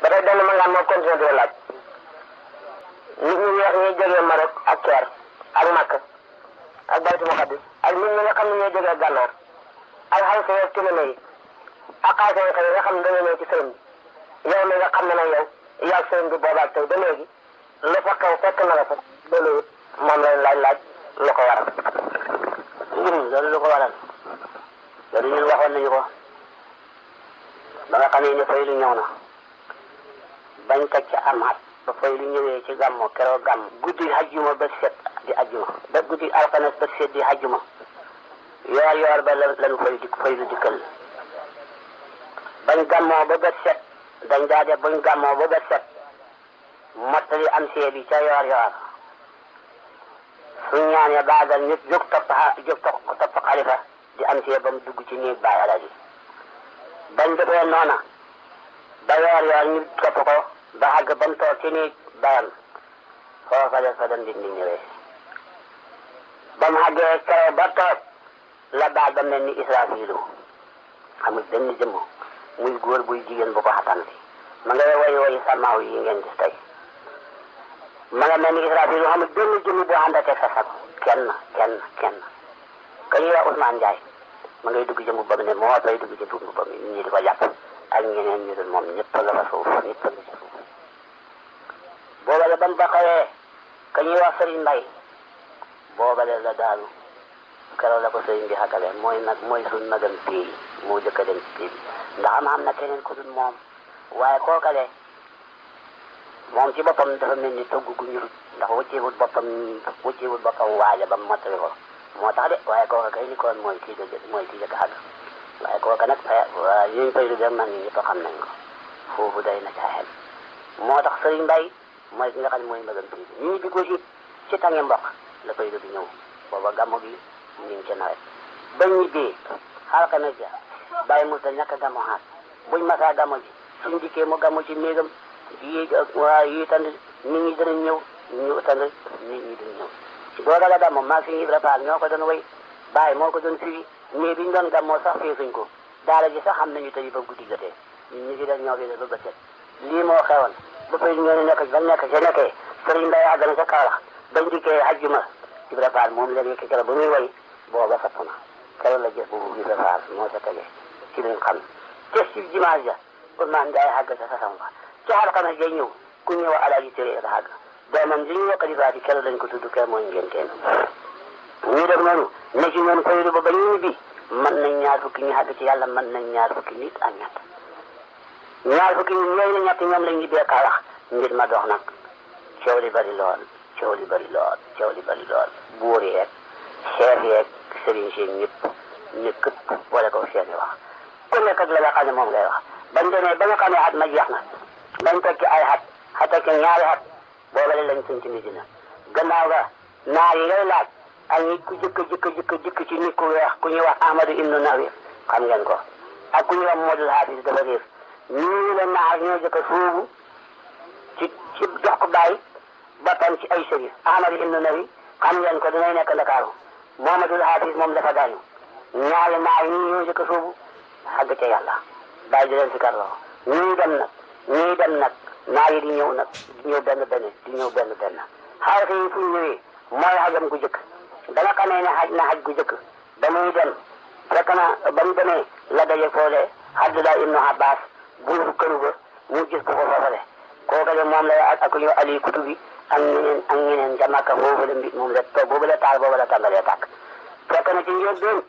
ba tey benn mangaan moo continué di laaj nit ñi ñuy wax ñuy jógee ak Caire ak Makka ak Baytu Muqaddis ak nit ñi nga xam ne ñooy jógee Gànnaar ak Xawsa yeeg Tilima yi ak xaase yi tamit nga xam ne dañoo ñëw ci sëriñ bi yow mi nga xam ne nag yow yaag sëriñ bi boobaag tey ba léegi lu fa kaw fekk na la fa loolu it moom lañ laaj laaj lu ko waral ngir loolu lu waral loolu ñun waxoon nañu ko ba nga xam ne ñu fay lu bañ ko ca amaat ba fay lu ñëwee ci gàmmo keroog gàmm guddi hajjuma ba set di ajjuma ba guddi alxames ba set di hajjuma yoor yoor ba lañu fay di fay lu dikkal bañ gàmmoo ba bët set dañ daa def buñ gàmmoo ba bët set mottali am see bi ca yoor yoor suñ ñaanee baagal ñëpp jóg topp jóg topp xalifa di am see ba mu dugg ci néeg bàyyi yoor yoor ñu topp ko ba àgg ba mu toog ci nii bayam foofa la fa doon dindi ñëwee ba mu àggee keroog ba toog la baal ba mel ni Israafiilu amul benn jëmm muy góor buy jigéen bu ko xatanti ma ngay woy woy samaaw yi ngeen gis tey ma nga mel ni Israafiilu amul benn jëmm bu ànd ak sa sag kenn kenn kenn ka ñuy wax Ousmane Ndiaye ma ngay dugg jëmm ba mu ne moo fay dugg ci dugg ba mu ñii di ko jàpp ak ñeneen ñu doon moom ñëpp la fa suuf ñëpp la ci suuf booba la ban taxawee ka ñuy wax sëriñ mbay booba la daanu keroog la ko sëriñ bi xakale mooy nag mooy suñ magam pii moo jëkk a dem ci pii ndax am am na keneen ku dul moom waaye kookale moom ci boppam dafa mel ni togg gu ñurut ndax wëcceewut boppam wëcceewut boppam waale ba mu mottali ko moo tax de waaye kooka kay ni koon mooy kii dëgg mooy kii jëkk xàgg waaye kooka nag yuñ pay du dem man ñi ñëpp xam nañ ko foofu day na caa xel moo tax sëriñ mbay mooy ki nga xam ne mooy mbëgam bi ñii bi ko it ci tànge mboq la koy yóbbu ñëw booba gàmmu gi ñu ngi ci nawet bi ñibbee alxames ja bàyyi mu ta ñàkk gàmmu xaas buñ masaa gàmmu ji suñ dikkee mu gàmmu ci néegam yi waa yi tand nit ñi danañ ñëw ñu tand nit ñi duñ ñëw doola la gàmmu maa suñu Ibra Faal ñoo ko doon way bàyyi moo ko doon firi mais biñ doon gàmmoo sax feesuñ ko daara ji sax am xam nañu tey ba guddi jotee ñun ñu ci def ñoo fi def ba bëccëg lii moo xewoon dafay ñëw nekk ba nekk ca nekkee sëriñ Mbaye àgg na ca Kaolack bañ dikkee àjjuma Ibra Faal moom la nekk ca ba muy way booba sapp na keroog la jëf boobu Ibra Faal moo ca tege ci luñ xam te ci dimanche ja Ousmane Ndiaye àgg ca sasam ba ci alxames day ñëw ku ñëw alaaji téré dafa àgg doomam li ñu wax xalifa bi keroog lañ ko tudd kee mooy ngeen kenn ñu def noonu ne ci ñoom koyru ba ba ñu ñibbi mën nañ ñaar fukki ñu àgg ci yàlla mën nañ ñaar fukki nit ak ñett ñaar fukki nit ñooñu ñett ñoom la ñuy dee kaa wax mbir ma dox nag coow li bari lool coow li bari lool coow li bari lool buur yeeg chef yeeg sëriñ si ñëpp ñu këpp boole ko seeni wax ku nekk ak la nga xam ne moom ngay wax bañ demee ba nga xam ne at ma na bañ teg ci ay xat xata ci ñaari xat boobale lañ suñ ci Medina gannaaw ga naar yi ngay laaj ak ñi ku jëkk jëkk jëkk jëkk ci ku weex ku ñuy wax Ahmadu ibnu Nawir xam ngeen ko ak ku ñuy wax Modou Hafiz dafa réer ñii la naxar ñoo jëkk a suubu ci ci jox ko bàyyi boppam ci ay sëriñ Ahmad ibn Nabi xam ngeen ko dinay nekk Ndakaaru Mohamadul Hafiz moom dafa gaañu ñaari naxar ñii ñoo jëkk a suubu xagg ca yàlla bàyyi di leen si karloo ñii dem nag ñii dem nag naxar yi di ñëw nag di ñëw benn benn di ñëw benn benn xawte yi fu ñu ñëwee mooy xajam gu jëkk ba nga xamee ne xaj na xaj gu jëkk ba muy dem fekk na ba mu demee la daje foole Abdullah ibnu Abbas buur këru ba ñu gis ko ko foofale kooka de moom la ak ak ñu ali kutubi ak ñeneen ak ñeneen ca Makka foofu la taal boobu la tàmbalee tàkk fekk na ci njël benn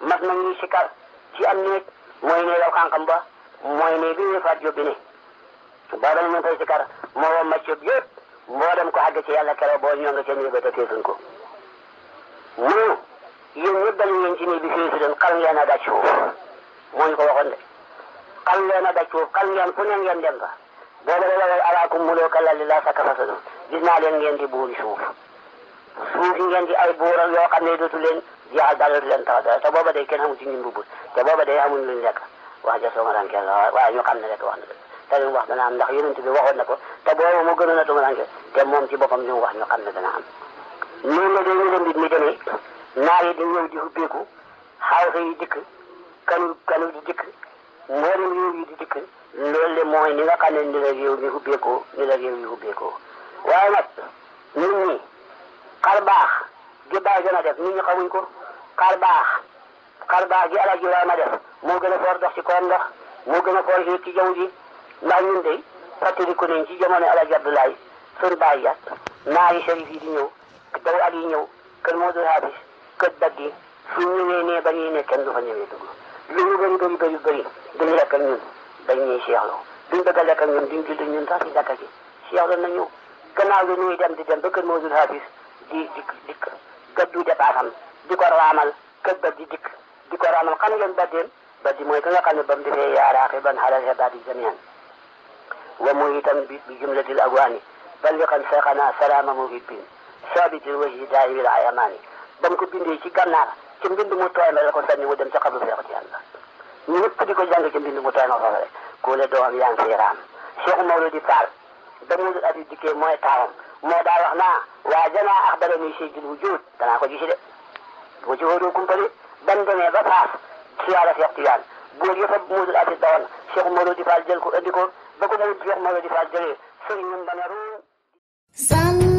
mat na ñuy sikar ci am néeg mooy ne law xànkam ba mooy ne bi ñu faat yóbbi ne booba la ñu koy sikar moo woo macc yëpp moo dem ko àgg ci yàlla keroog boo ñëw ko mu yéen ñëpp ci néeg bi fii si doon xal ngeen a daj foofu moo ñu ko waxoon de kal leen a daj foofu kal ngeen fu ne ngeen dem fa booba la lawal alaakum muloo kala li laa sa tafasadu gis naa leen ngeen di buuri suuf suuf ngeen di ay buural yoo xam ne dootu leen jeexal dara du leen tax dara te booba day kenn xamul ci ñun bu bul te booba day amuñ luñ lekk wax ja tumaranke la waaye ñu xam ne rek wax na te li mu wax dana am ndax yonent na ko te booba mu gënoon a tumaranke te moom ci boppam li wax ñu xam ne dana am noonu la day ñu leen di mi demee naar yi di ñëw di dikk kanu kanu di dikk mboolem réew yi di dikk loolu de mooy ni nga xam ne ni la réew mi ubbeekoo ni la réew mi ubbeekoo waaye nag ñun ñi xar baax gi bàyyi gën a def nit ñi xamuñ ko xar baax xar baax gi ala ji waay ma def moo gën a foor dox ci kawam ndox moo gën a foor xëy ci jaww ji ndax ñun de fàttaliku nañ ci jamono El Hadj Abdoulaye sunu baay ya naari sharif yi di ñëw daw at ñëw kër Modou Habis kër Baddi suñ ñëwee nee ba ñuy ne kenn du fa ñëwee dugg lu ñu bëri bëri bëri bëri duñ lekk ak ñun dañ ñuy seexlu duñ bëgg a lekk ak ñun duñ julli ñun sax ci jàkka ji seexlu nañu gannaaw gi ñuy dem di dem ba kër Mawlud Hafiz di di de gàddu dépassam di ko raamal kër ba di dikk di ko raamal xam ngeen baddeem baddi mooy ka nga xam ne ba mu defee yaaraaxi ban xalase baadi jamian wa muy itam bi bi jumlatil agwaani balliqan seexanaa salaama muhibbin saabitil wajhi daayimil ayamaani ba mu ko bindee ci gànnaar ci mbind mu tooy ma la ko sànni mu dem ca xabru Seex Tijaan ñu ñëpp di ko jàng ci mbind mu tooy ma foofale ku le doom yaa ngi raam Cheikh Mawludi Taal damul abi dikkee mooy taaram moo daa wax naa waa janaa axbarani sayyidul wujuud danaa ko gisi de bu ci wóorul kumpali ban demee ba faas siyaara Seex Tijaan góor yëpp a muudul abi dawal Cheikh Mawludi Fall jël ko ko ba ko mu Cheikh Mawludi Fall jëlee sëriñam ba na ruum